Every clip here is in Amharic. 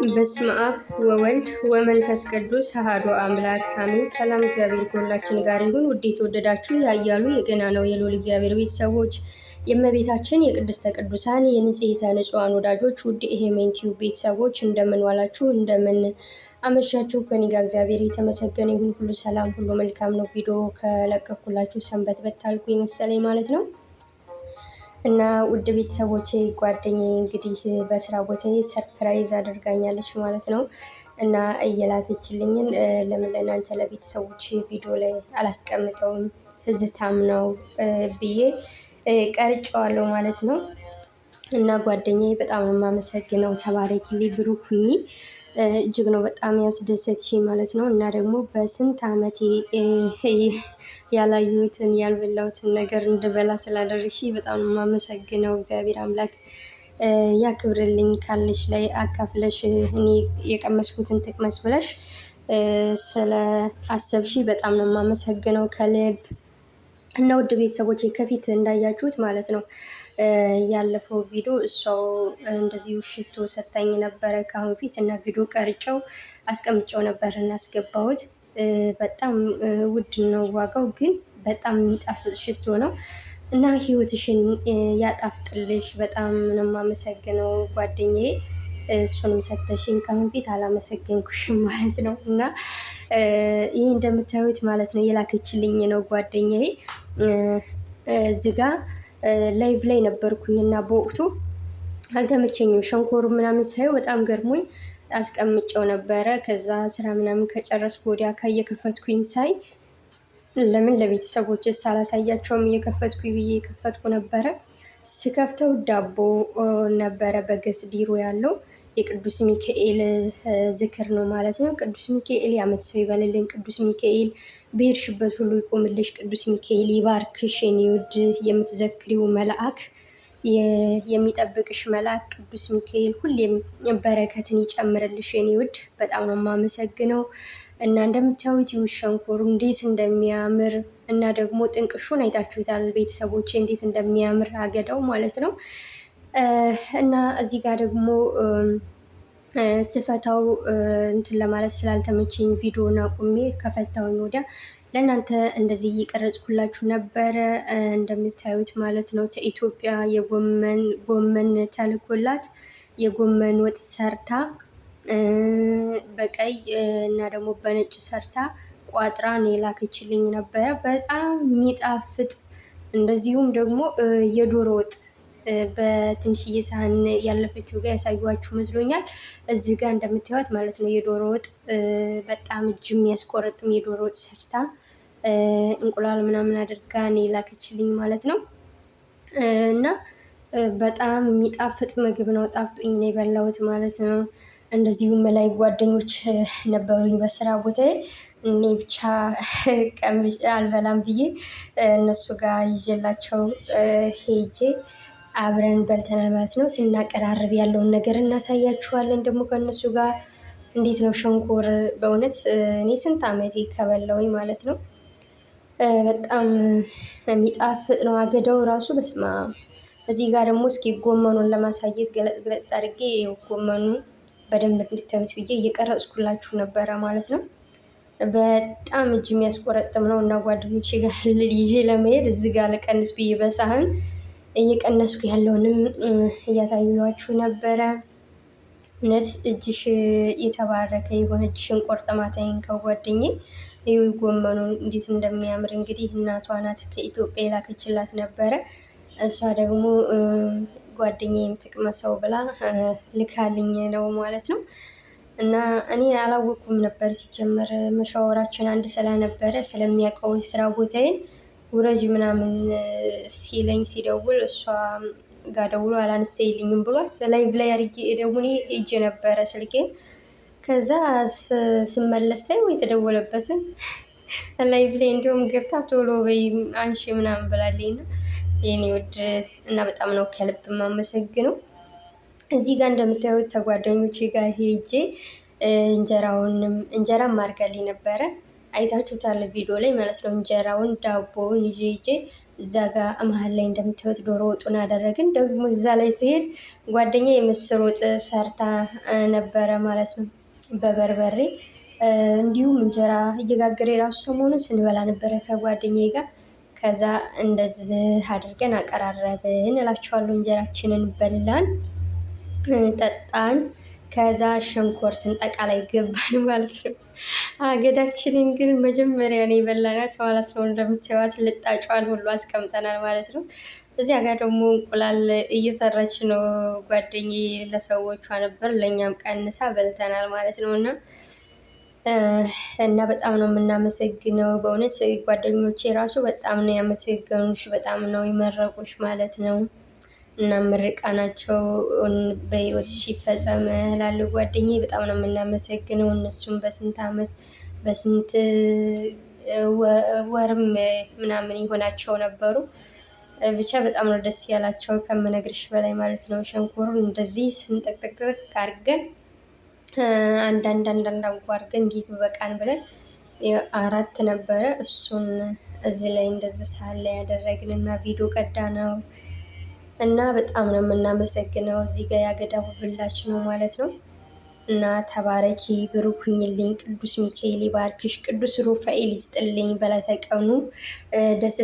በስመ አብ ወወልድ ወመንፈስ ቅዱስ አሐዱ አምላክ አሜን። ሰላም እግዚአብሔር ከሁላችን ጋር ይሁን። ውድ የተወደዳችሁ ያያሉ የገና ነው የሎል እግዚአብሔር ቤተሰቦች የእመቤታችን የቅድስተ ቅዱሳን የንጽሕተ ንጹሐን ወዳጆች ውድ ኢሄሜን ቲዩብ ቤተሰቦች እንደምን ዋላችሁ? እንደምን አመሻችሁ? ከእኔ ጋር እግዚአብሔር የተመሰገነ ይሁን። ሁሉ ሰላም፣ ሁሉ መልካም ነው። ቪዲዮ ከለቀኩላችሁ ሰንበት በታልኩ መሰለኝ ማለት ነው እና ውድ ቤተሰቦቼ ጓደኛዬ እንግዲህ በስራ ቦታዬ ሰርፕራይዝ አድርጋኛለች ማለት ነው። እና እየላከችልኝን ለምን ለእናንተ ለቤተሰቦች ቪዲዮ ላይ አላስቀምጠውም ትዝታም ነው ብዬ ቀርጨዋለሁ ማለት ነው። እና ጓደኛዬ በጣም የማመሰግነው ተባረኪሊ፣ ብሩክ ሁኚ። እጅግ ነው በጣም ያስደሰትሽ ማለት ነው። እና ደግሞ በስንት ዓመቴ ያላዩትን ያልበላሁትን ነገር እንድበላ ስላደረግሽ በጣም የማመሰግነው እግዚአብሔር አምላክ ያክብርልኝ። ካለሽ ላይ አካፍለሽ እኔ የቀመስኩትን ትቅመስ ብለሽ ስለ አሰብሽ በጣም ነው የማመሰግነው ከልብ እና ውድ ቤተሰቦች ከፊት እንዳያችሁት ማለት ነው ያለፈው ቪዲዮ እሷው እንደዚህ ሽቶ ሰታኝ ነበረ ከአሁን ፊት እና ቪዲዮ ቀርጨው አስቀምጨው ነበር እና አስገባሁት። በጣም ውድ ነው ዋጋው፣ ግን በጣም የሚጣፍጥ ሽቶ ነው እና ህይወትሽን ያጣፍጥልሽ። በጣም ነው የማመሰግነው ጓደኛዬ። እሱን ሰተሽኝ ከአሁን ፊት አላመሰገንኩሽም ማለት ነው እና ይህ እንደምታዩት ማለት ነው የላከችልኝ ነው ጓደኛዬ እዚህ ጋር ላይቭ ላይ ነበርኩኝ እና በወቅቱ አልተመቸኝም። ሸንኮሩ ምናምን ሳየው በጣም ገርሞኝ አስቀምጨው ነበረ። ከዛ ስራ ምናምን ከጨረስኩ ወዲያ ካ እየከፈትኩኝ ሳይ ለምን ለቤተሰቦች ሳላሳያቸውም እየከፈትኩ ብዬ የከፈትኩ ነበረ። ስከፍተው ዳቦ ነበረ ዲሮ ያለው የቅዱስ ሚካኤል ዝክር ነው ማለት ነው። ቅዱስ ሚካኤል የአመት ሰው ይበልልን። ቅዱስ ሚካኤል በሄድሽበት ሁሉ ይቆምልሽ። ቅዱስ ሚካኤል ይባርክሽ። የኔ ውድ የምትዘክሪው መልአክ፣ የሚጠብቅሽ መልአክ ቅዱስ ሚካኤል ሁሌም በረከትን ይጨምርልሽ። የኔ ውድ በጣም ነው የማመሰግነው እና እንደምታዩት ሸንኮሩ እንዴት እንደሚያምር እና ደግሞ ጥንቅሹን አይታችሁታል ቤተሰቦች እንዴት እንደሚያምር አገዳው ማለት ነው። እና እዚህ ጋር ደግሞ ስፈታው እንትን ለማለት ስላልተመቸኝ ቪዲዮን አቁሜ ከፈታውኝ ወዲያ ለእናንተ እንደዚህ እየቀረጽኩላችሁ ነበረ። እንደምታዩት ማለት ነው ከኢትዮጵያ የጎመን ጎመን ተልኮላት የጎመን ወጥ ሰርታ በቀይ እና ደግሞ በነጭ ሰርታ ቋጥራን የላከችልኝ ነበረ። በጣም የሚጣፍጥ እንደዚሁም ደግሞ የዶሮ ወጥ በትንሽዬ ሳህን ያለፈችው ጋር ያሳዩዋችሁ መስሎኛል። እዚህ ጋር እንደምታዩት ማለት ነው የዶሮ ወጥ በጣም እጅ የሚያስቆረጥም የዶሮ ወጥ ሰርታ እንቁላል ምናምን አድርጋ እኔ ላከችልኝ ማለት ነው እና በጣም የሚጣፍጥ ምግብ ነው። ጣፍጦኝ ነው የበላሁት ማለት ነው። እንደዚሁም ላይ ጓደኞች ነበሩኝ በስራ ቦታ እኔ ብቻ ቀምሼ አልበላም ብዬ እነሱ ጋር ይዤላቸው ሄጄ አብረን በልተናል ማለት ነው። ስናቀራርብ ያለውን ነገር እናሳያችኋለን። ደግሞ ከእነሱ ጋር እንዴት ነው ሸንኮር በእውነት እኔ ስንት ዓመቴ ከበላሁኝ ማለት ነው። በጣም የሚጣፍጥ ነው አገዳው ራሱ በስማ እዚህ ጋር ደግሞ እስኪ ጎመኑን ለማሳየት ገለጥ ገለጥ አድርጌ ጎመኑ በደንብ እንድታዩት ብዬ እየቀረጽኩላችሁ ነበረ ማለት ነው። በጣም እጅ የሚያስቆረጥም ነው እና ጓደኞቼ ጋር ይዤ ለመሄድ እዚህ ጋር ልቀንስ ብዬ በሳህን እየቀነስኩ ያለውንም እያሳዩዋችሁ ነበረ። እውነት እጅሽ የተባረከ የሆነ እጅሽን ቆርጥማታይን ከጓደኝ ይህ ጎመኑ እንዴት እንደሚያምር እንግዲህ እናቷ ናት ከኢትዮጵያ የላከችላት ነበረ። እሷ ደግሞ ጓደኛ የምትቅመሰው ብላ ልካልኝ ነው ማለት ነው። እና እኔ አላወቅኩም ነበር ሲጀመር መሻወራችን አንድ ስለነበረ ስለሚያውቀው ስራ ቦታዬን ውረጅ ምናምን ሲለኝ ሲደውል እሷ ጋር ደውሎ አላነሳልኝም ብሏት ላይቭ ላይ አድርጌ ደግሞ እጅ ነበረ ስልኬን ከዛ ስመለስ ወይ የተደወለበትን ላይቭ ላይ እንዲሁም ገብታ ቶሎ በይ አንሺ ምናምን ብላለኝ ነው የኔ ውድ እና በጣም ነው ከልብ የማመሰግነው። እዚህ ጋር እንደምታዩት ተጓደኞች ጋር ሄጄ እንጀራውንም እንጀራም አድርጋልኝ ነበረ። አይታችሁታል ቪዲዮ ላይ ማለት ነው። እንጀራውን ዳቦውን ይዤ ይዤ እዛ ጋር መሀል ላይ እንደምታዩት ዶሮ ወጡን አደረግን። ደግሞ እዛ ላይ ሲሄድ ጓደኛ የምስር ወጥ ሰርታ ነበረ ማለት ነው በበርበሬ እንዲሁም እንጀራ እየጋገረ የራሱ ሰሞኑን ስንበላ ነበረ ከጓደኛ ጋር። ከዛ እንደዚህ አድርገን አቀራረብን እላችኋለሁ። እንጀራችንን በላን ጠጣን። ከዛ ሸንኮር ስንጠቃ ላይ ገባን ማለት ነው። አገዳችንን ግን መጀመሪያ ነው የበላናት። ሰዋላ ስለሆነ እንደምታዩት ልጣጫዋን ሁሉ አስቀምጠናል ማለት ነው። እዚያ ጋር ደግሞ እንቁላል እየሰራች ነው ጓደኛዬ፣ ለሰዎቿ ነበር ለእኛም ቀንሳ በልተናል ማለት ነው እና እና በጣም ነው የምናመሰግነው በእውነት ጓደኞቼ ራሱ በጣም ነው ያመሰገኑሽ፣ በጣም ነው የመረቁሽ ማለት ነው። እና ምርቃናቸው በህይወት ይፈጸም ላሉ ጓደኛዬ በጣም ነው የምናመሰግነው። እነሱም በስንት አመት በስንት ወርም ምናምን የሆናቸው ነበሩ። ብቻ በጣም ነው ደስ ያላቸው ከምነግርሽ በላይ ማለት ነው። ሸንኮሩን እንደዚህ ስንጠቅጠቅጠቅ አድርገን አንዳንድ አንዳንድ አድርገን እንዲህ በቃን ብለን አራት ነበረ እሱን እዚህ ላይ እንደዚህ ሳለ ያደረግን እና ቪዲዮ ቀዳ ነው እና በጣም ነው የምናመሰግነው። እዚህ ጋር ያገዳ ነው ማለት ነው። እና ተባረኪ፣ ብሩክ ሁኝልኝ፣ ቅዱስ ሚካኤል ይባርክሽ፣ ቅዱስ ሩፋኤል ይስጥልኝ። በለተቀኑ ደስ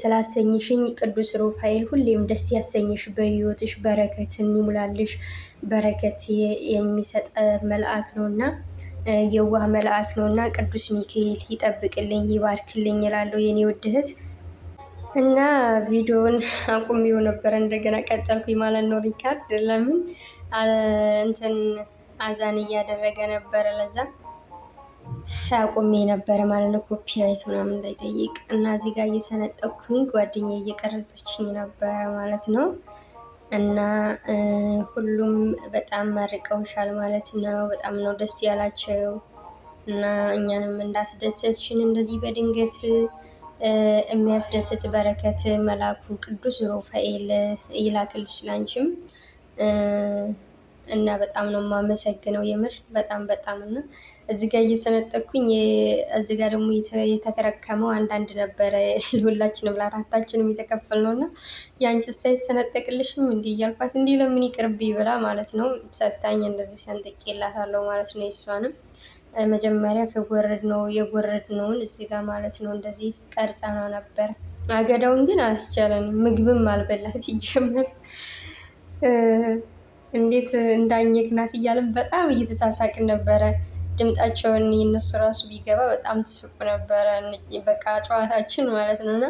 ስላሰኝሽኝ ቅዱስ ሩፋኤል ሁሌም ደስ ያሰኝሽ፣ በህይወትሽ በረከትን ይሙላልሽ። በረከት የሚሰጠ መልአክ ነው እና የዋህ መልአክ ነው እና ቅዱስ ሚካኤል ይጠብቅልኝ፣ ይባርክልኝ ይላለው የኔ ውድ እህት እና ቪዲዮውን አቁሜው ነበረ እንደገና ቀጠልኩኝ ማለት ነው። ሪካርድ ለምን እንትን አዛን እያደረገ ነበረ፣ ለዛ አቁሜ ነበረ ማለት ነው። ኮፒራይት ምናምን እንዳይጠይቅ እና እዚህ ጋር እየሰነጠኩኝ ጓደኛ እየቀረጸችኝ ነበረ ማለት ነው። እና ሁሉም በጣም መርቀውሻል ማለት ነው። በጣም ነው ደስ ያላቸው እና እኛንም እንዳስደሰችን እንደዚህ በድንገት የሚያስደስት በረከት መላኩ ቅዱስ ሩፋኤል ይላክልሽ ላንቺም እና በጣም ነው የማመሰግነው። የምር በጣም በጣም እና እዚህ ጋር እየሰነጠኩኝ እዚህ ጋር ደግሞ የተከረከመው አንዳንድ ነበረ ለሁላችንም ለአራታችንም የተከፈል ነው እና የአንቺ ሳይሰነጠቅልሽም እንዲህ እያልኳት እንዲህ ለምን ይቅርብ ይብላ ማለት ነው ሰታኝ እንደዚህ ሰንጥቄላታለሁ ማለት ነው የሷንም መጀመሪያ ከጎረድ ነው የጎረድ ነውን እዚህ ጋር ማለት ነው እንደዚህ ቀርጸ ነው ነበር። አገዳውን ግን አስቻለን፣ ምግብም አልበላት ሲጀመር እንዴት እንዳኘክናት እያልን በጣም እየተሳሳቅን ነበረ። ድምጣቸውን የነሱ ራሱ ቢገባ በጣም ትስቁ ነበረ። በቃ ጨዋታችን ማለት ነው እና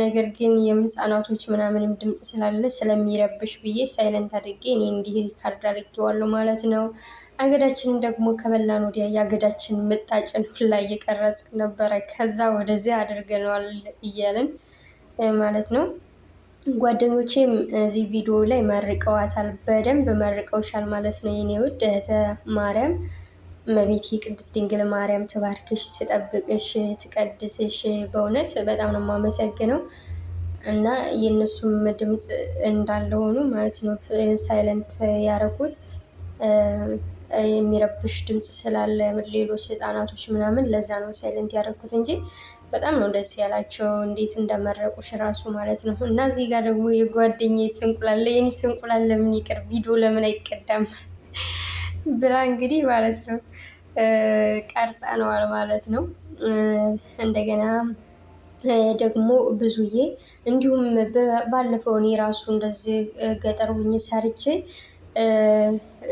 ነገር ግን የህፃናቶች ምናምንም ድምፅ ስላለ ስለሚረብሽ ብዬ ሳይለንት አድርጌ እኔ እንዲህ ሪካርድ አድርጌዋለሁ ማለት ነው። አገዳችንን ደግሞ ከበላን ወዲያ የአገዳችን ምጣጭን ሁላ እየቀረጽ ነበረ። ከዛ ወደዚህ አድርገነዋል እያለን ማለት ነው። ጓደኞቼም እዚህ ቪዲዮ ላይ መርቀዋታል፣ በደንብ መርቀውሻል ማለት ነው። የኔ ውድ እህተ ማርያም መቤት ቅድስት ድንግል ማርያም ትባርክሽ፣ ትጠብቅሽ፣ ትቀድስሽ። በእውነት በጣም ነው የማመሰግነው እና የእነሱም ድምፅ እንዳለ ሆኖ ማለት ነው ሳይለንት ያደረጉት የሚረብሽ ድምፅ ስላለ ሌሎች ህፃናቶች ምናምን ለዛ ነው ሳይለንት ያደረኩት እንጂ በጣም ነው ደስ ያላቸው እንዴት እንደመረቁሽ ራሱ ማለት ነው። እና እዚህ ጋር ደግሞ የጓደኛዬ ስንቁላል ለየኔ ስንቁላል ለምን ይቅር ቪዲዮ ለምን አይቀዳም ብላ እንግዲህ ማለት ነው ቀርጻ ነዋል ማለት ነው። እንደገና ደግሞ ብዙዬ እንዲሁም ባለፈው እኔ ራሱ እንደዚህ ገጠር ሁኜ ሰርቼ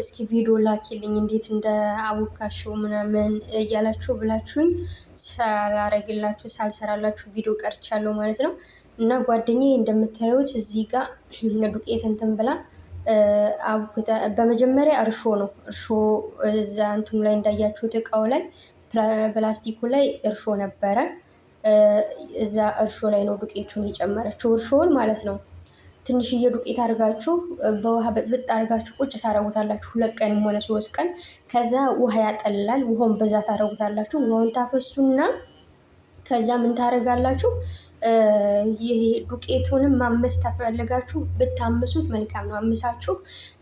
እስኪ ቪዲዮ ላኪልኝ እንዴት እንደ አቦካሽው ምናምን እያላችሁ ብላችሁኝ ሳላረግላችሁ ሳልሰራላችሁ ቪዲዮ ቀርቻለሁ ማለት ነው። እና ጓደኛዬ እንደምታዩት እዚህ ጋር ዱቄት እንትን ብላ በመጀመሪያ እርሾ ነው እርሾ እዛ እንትኑ ላይ እንዳያችሁት እቃው ላይ ፕላስቲኩ ላይ እርሾ ነበረ። እዛ እርሾ ላይ ነው ዱቄቱን የጨመረችው እርሾውን ማለት ነው። ትንሽዬ ዱቄት አድርጋችሁ በውሃ በጥብጥ አድርጋችሁ ቁጭ ታረጉታላችሁ፣ ሁለት ቀንም ሆነ ሶስት ቀን። ከዛ ውሃ ያጠልላል። ውሃውን በዛ ታደረጉታላችሁ። ውሃውን ታፈሱና ከዛ ምን ታደረጋላችሁ? ይሄ ዱቄቱንም ማመስ ተፈልጋችሁ ብታምሱት መልካም ነው። አምሳችሁ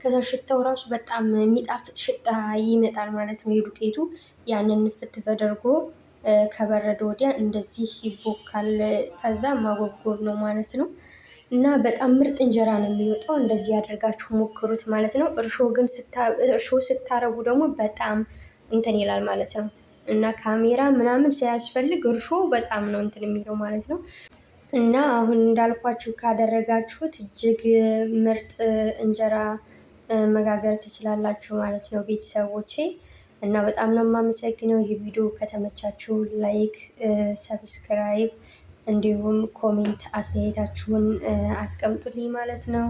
ከዛ ሽታው ራሱ በጣም የሚጣፍጥ ሽታ ይመጣል ማለት ነው። የዱቄቱ ያንን ፍት ተደርጎ ከበረደ ወዲያ እንደዚህ ይቦካል። ከዛ ማጎብጎብ ነው ማለት ነው። እና በጣም ምርጥ እንጀራ ነው የሚወጣው። እንደዚህ ያደርጋችሁ ሞክሩት ማለት ነው። እርሾ ግን እርሾ ስታረጉ ደግሞ በጣም እንትን ይላል ማለት ነው እና ካሜራ ምናምን ሳያስፈልግ እርሾ በጣም ነው እንትን የሚለው ማለት ነው። እና አሁን እንዳልኳችሁ ካደረጋችሁት እጅግ ምርጥ እንጀራ መጋገር ትችላላችሁ ማለት ነው ቤተሰቦቼ። እና በጣም ነው የማመሰግነው። ይህ ቪዲዮ ከተመቻችሁ ላይክ፣ ሰብስክራይብ እንዲሁም ኮሜንት አስተያየታችሁን አስቀምጡልኝ ማለት ነው።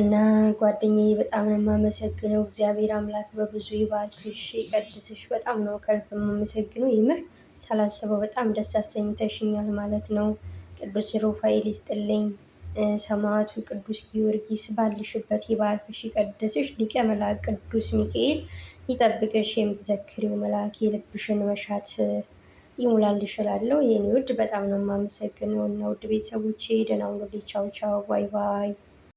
እና ጓደኛዬ በጣም ነው የማመሰግነው። እግዚአብሔር አምላክ በብዙ ይባርክሽ ይቀድስሽ። በጣም ነው ከልብ የማመሰግነው። ይምር ሳላስበው በጣም ደስ አሰኝተሽኛል ማለት ነው። ቅዱስ ሩፋኤል ይስጥልኝ። ሰማዕቱ ቅዱስ ጊዮርጊስ ባልሽበት ይባርክሽ ይቀድስሽ። ሊቀ መልአክ ቅዱስ ሚካኤል ይጠብቅሽ። የምትዘክሪው መልአክ የልብሽን መሻት ይሙላልሽ እላለሁ። የኔ ውድ በጣም ነው የማመሰግነው እና ውድ ቤተሰቦቼ ደህና ሁኑልኝ። ቻው ቻው፣ ባይ ባይ።